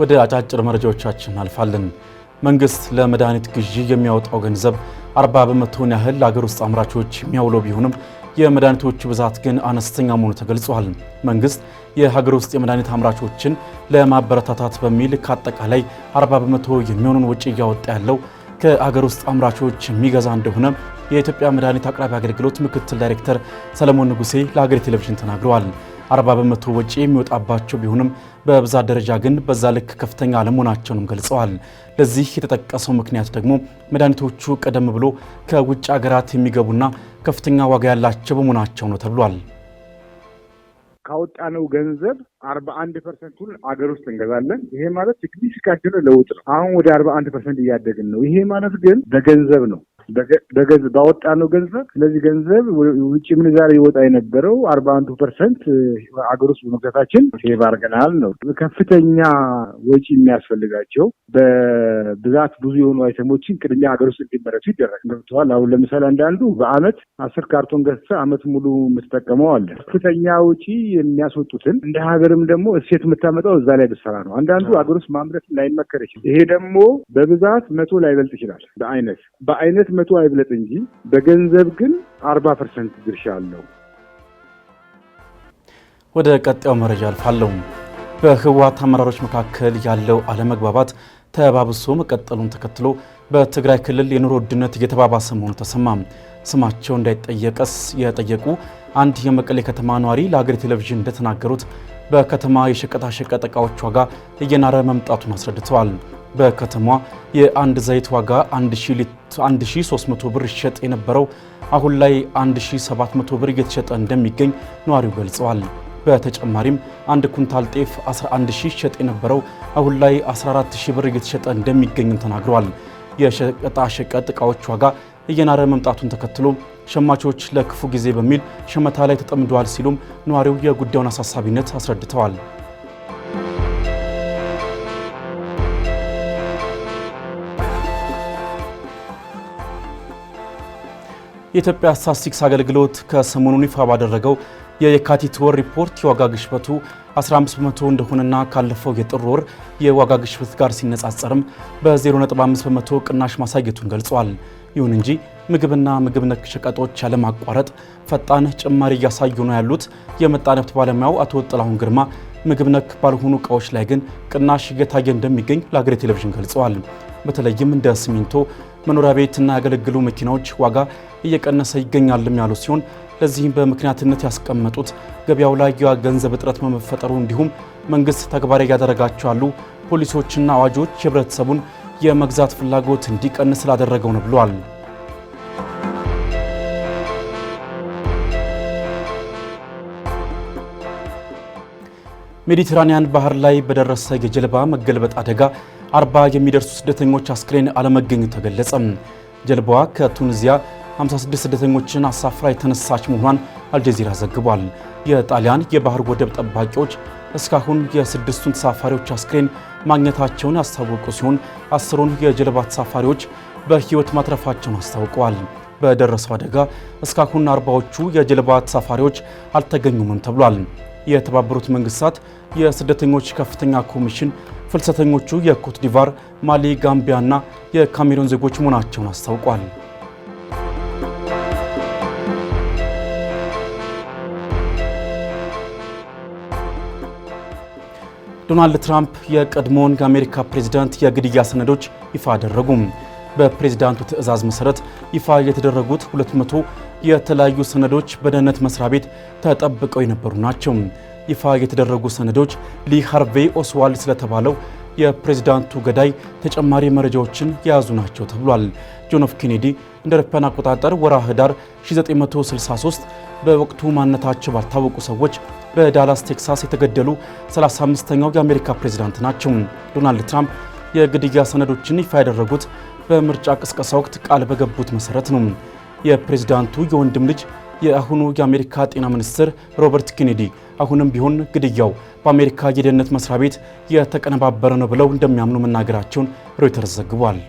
ወደ አጫጭር መረጃዎቻችን አልፋለን። መንግስት ለመድኃኒት ግዢ የሚያወጣው ገንዘብ 40 በመቶን ያህል ለአገር ውስጥ አምራቾች የሚያውለው ቢሆንም የመድኃኒቶቹ ብዛት ግን አነስተኛ መሆኑ ተገልጿል። መንግስት የሀገር ውስጥ የመድኃኒት አምራቾችን ለማበረታታት በሚል ከአጠቃላይ 40 በመቶ የሚሆኑን ወጪ እያወጣ ያለው ከአገር ውስጥ አምራቾች የሚገዛ እንደሆነ የኢትዮጵያ መድኃኒት አቅራቢ አገልግሎት ምክትል ዳይሬክተር ሰለሞን ንጉሴ ለሀገሬ ቴሌቪዥን ተናግረዋል። 40 በመቶ ወጪ የሚወጣባቸው ቢሆንም በብዛት ደረጃ ግን በዛ ልክ ከፍተኛ አለመሆናቸውንም ገልጸዋል። ለዚህ የተጠቀሰው ምክንያት ደግሞ መድኃኒቶቹ ቀደም ብሎ ከውጭ ሀገራት የሚገቡና ከፍተኛ ዋጋ ያላቸው በመሆናቸው ነው ተብሏል። ካወጣነው ገንዘብ አርባ አንድ ፐርሰንቱን አገር ውስጥ እንገዛለን። ይሄ ማለት ሲግኒፊካንት ለውጥ ነው። አሁን ወደ አርባ አንድ ፐርሰንት እያደግን ነው። ይሄ ማለት ግን በገንዘብ ነው ነው ገንዘብ። ስለዚህ ገንዘብ ውጭ ምንዛሬ ይወጣ የነበረው አርባ አንዱ ፐርሰንት አገር ውስጥ በመግዛታችን ሴቭ አድርገናል ነው። ከፍተኛ ወጪ የሚያስፈልጋቸው በብዛት ብዙ የሆኑ አይተሞችን ቅድሚያ ሀገር ውስጥ እንዲመረቱ ይደረግ ገብተዋል። አሁን ለምሳሌ አንዳንዱ በአመት አስር ካርቶን ገዝተ አመት ሙሉ የምትጠቀመው አለ። ከፍተኛ ውጪ የሚያስወጡትን እንደ ሀገርም ደግሞ እሴት የምታመጣው እዛ ላይ ብሰራ ነው። አንዳንዱ አገር ውስጥ ማምረት ላይመከር ይችላል። ይሄ ደግሞ በብዛት መቶ ላይበልጥ ይችላል። በአይነት በአይነት መቶ አይብለጥ እንጂ በገንዘብ ግን አርባ ፐርሰንት ድርሻ አለው። ወደ ቀጣዩ መረጃ አልፋለሁ። በህወሓት አመራሮች መካከል ያለው አለመግባባት ተባብሶ መቀጠሉን ተከትሎ በትግራይ ክልል የኑሮ ውድነት እየተባባሰ መሆኑ ተሰማ። ስማቸው እንዳይጠየቀስ የጠየቁ አንድ የመቀሌ ከተማ ነዋሪ ለሀገሬ ቴሌቪዥን እንደተናገሩት በከተማ የሸቀጣሸቀጥ እቃዎች ዋጋ እየናረ መምጣቱን አስረድተዋል። በከተማ የአንድ ዘይት ዋጋ 1300 ብር ይሸጥ የነበረው አሁን ላይ 1700 ብር እየተሸጠ እንደሚገኝ ነዋሪው ገልጸዋል። በተጨማሪም አንድ ኩንታል ጤፍ 11 ሺህ ይሸጥ የነበረው አሁን ላይ 14 ሺህ ብር እየተሸጠ እንደሚገኝም ተናግረዋል። የሸቀጣ ሸቀጥ ዕቃዎች ዋጋ እየናረ መምጣቱን ተከትሎ ሸማቾች ለክፉ ጊዜ በሚል ሸመታ ላይ ተጠምደዋል ሲሉም ነዋሪው የጉዳዩን አሳሳቢነት አስረድተዋል። የኢትዮጵያ ስታትስቲክስ አገልግሎት ከሰሞኑን ይፋ ባደረገው የየካቲት ወር ሪፖርት የዋጋ ግሽበቱ 15 በመቶ እንደሆነና ካለፈው የጥር ወር የዋጋ ግሽበት ጋር ሲነጻጸርም በ0.5 በመቶ ቅናሽ ማሳየቱን ገልጿል። ይሁን እንጂ ምግብና ምግብ ነክ ሸቀጦች ያለማቋረጥ ፈጣን ጭማሪ እያሳዩ ነው ያሉት የምጣኔ ሀብት ባለሙያው አቶ ጥላሁን ግርማ ምግብ ነክ ባልሆኑ እቃዎች ላይ ግን ቅናሽ እየታየ እንደሚገኝ ለአገሬ ቴሌቪዥን ገልጸዋል። በተለይም እንደ ሲሚንቶ፣ መኖሪያ ቤትና ያገለግሉ መኪናዎች ዋጋ እየቀነሰ ይገኛልም ያሉ ሲሆን ለዚህም በምክንያትነት ያስቀመጡት ገበያው ላይ የገንዘብ እጥረት መፈጠሩ እንዲሁም መንግስት ተግባራዊ እያደረጋቸው ያሉ ፖሊሲዎችና አዋጆች የህብረተሰቡን የመግዛት ፍላጎት እንዲቀንስ ስላደረገው ነው ብለዋል። ሜዲትራኒያን ባህር ላይ በደረሰ የጀልባ መገልበጥ አደጋ አርባ የሚደርሱ ስደተኞች አስክሬን አለመገኘቱ ተገለጸ። ጀልባዋ ከቱኒዚያ 56 ስደተኞችን አሳፍራ የተነሳች መሆኗን አልጀዚራ ዘግቧል። የጣሊያን የባህር ወደብ ጠባቂዎች እስካሁን የስድስቱን ተሳፋሪዎች አስክሬን ማግኘታቸውን ያስታወቁ ሲሆን አስሩን የጀልባ ተሳፋሪዎች በሕይወት ማትረፋቸውን አስታውቀዋል። በደረሰው አደጋ እስካሁን አርባዎቹ የጀልባ ተሳፋሪዎች አልተገኙምም ተብሏል። የተባበሩት መንግስታት የስደተኞች ከፍተኛ ኮሚሽን ፍልሰተኞቹ የኮትዲቫር፣ ማሊ፣ እና የካሜሩን ዜጎች መሆናቸውን አስታውቋል። ዶናልድ ትራምፕ የቀድሞውን የአሜሪካ ፕሬዚዳንት የግድያ ሰነዶች ይፋ አደረጉም። በፕሬዝዳንቱ ትዕዛዝ መሰረት ይፋ የተደረጉት 200 የተለያዩ ሰነዶች በደህንነት መስሪያ ቤት ተጠብቀው የነበሩ ናቸው። ይፋ የተደረጉ ሰነዶች ሊ ሃርቬይ ኦስዋልድ ስለተባለው የፕሬዝዳንቱ ገዳይ ተጨማሪ መረጃዎችን የያዙ ናቸው ተብሏል። ጆን ኤፍ ኬኔዲ እንደ አውሮፓውያን አቆጣጠር ወርሃ ህዳር 1963 በወቅቱ ማንነታቸው ባልታወቁ ሰዎች በዳላስ ቴክሳስ የተገደሉ 35ኛው የአሜሪካ ፕሬዝዳንት ናቸው። ዶናልድ ትራምፕ የግድያ ሰነዶችን ይፋ ያደረጉት በምርጫ ቅስቀሳ ወቅት ቃል በገቡት መሰረት ነው። የፕሬዝዳንቱ የወንድም ልጅ የአሁኑ የአሜሪካ ጤና ሚኒስትር ሮበርት ኬኔዲ አሁንም ቢሆን ግድያው በአሜሪካ የደህንነት መስሪያ ቤት የተቀነባበረ ነው ብለው እንደሚያምኑ መናገራቸውን ሮይተርስ ዘግቧል።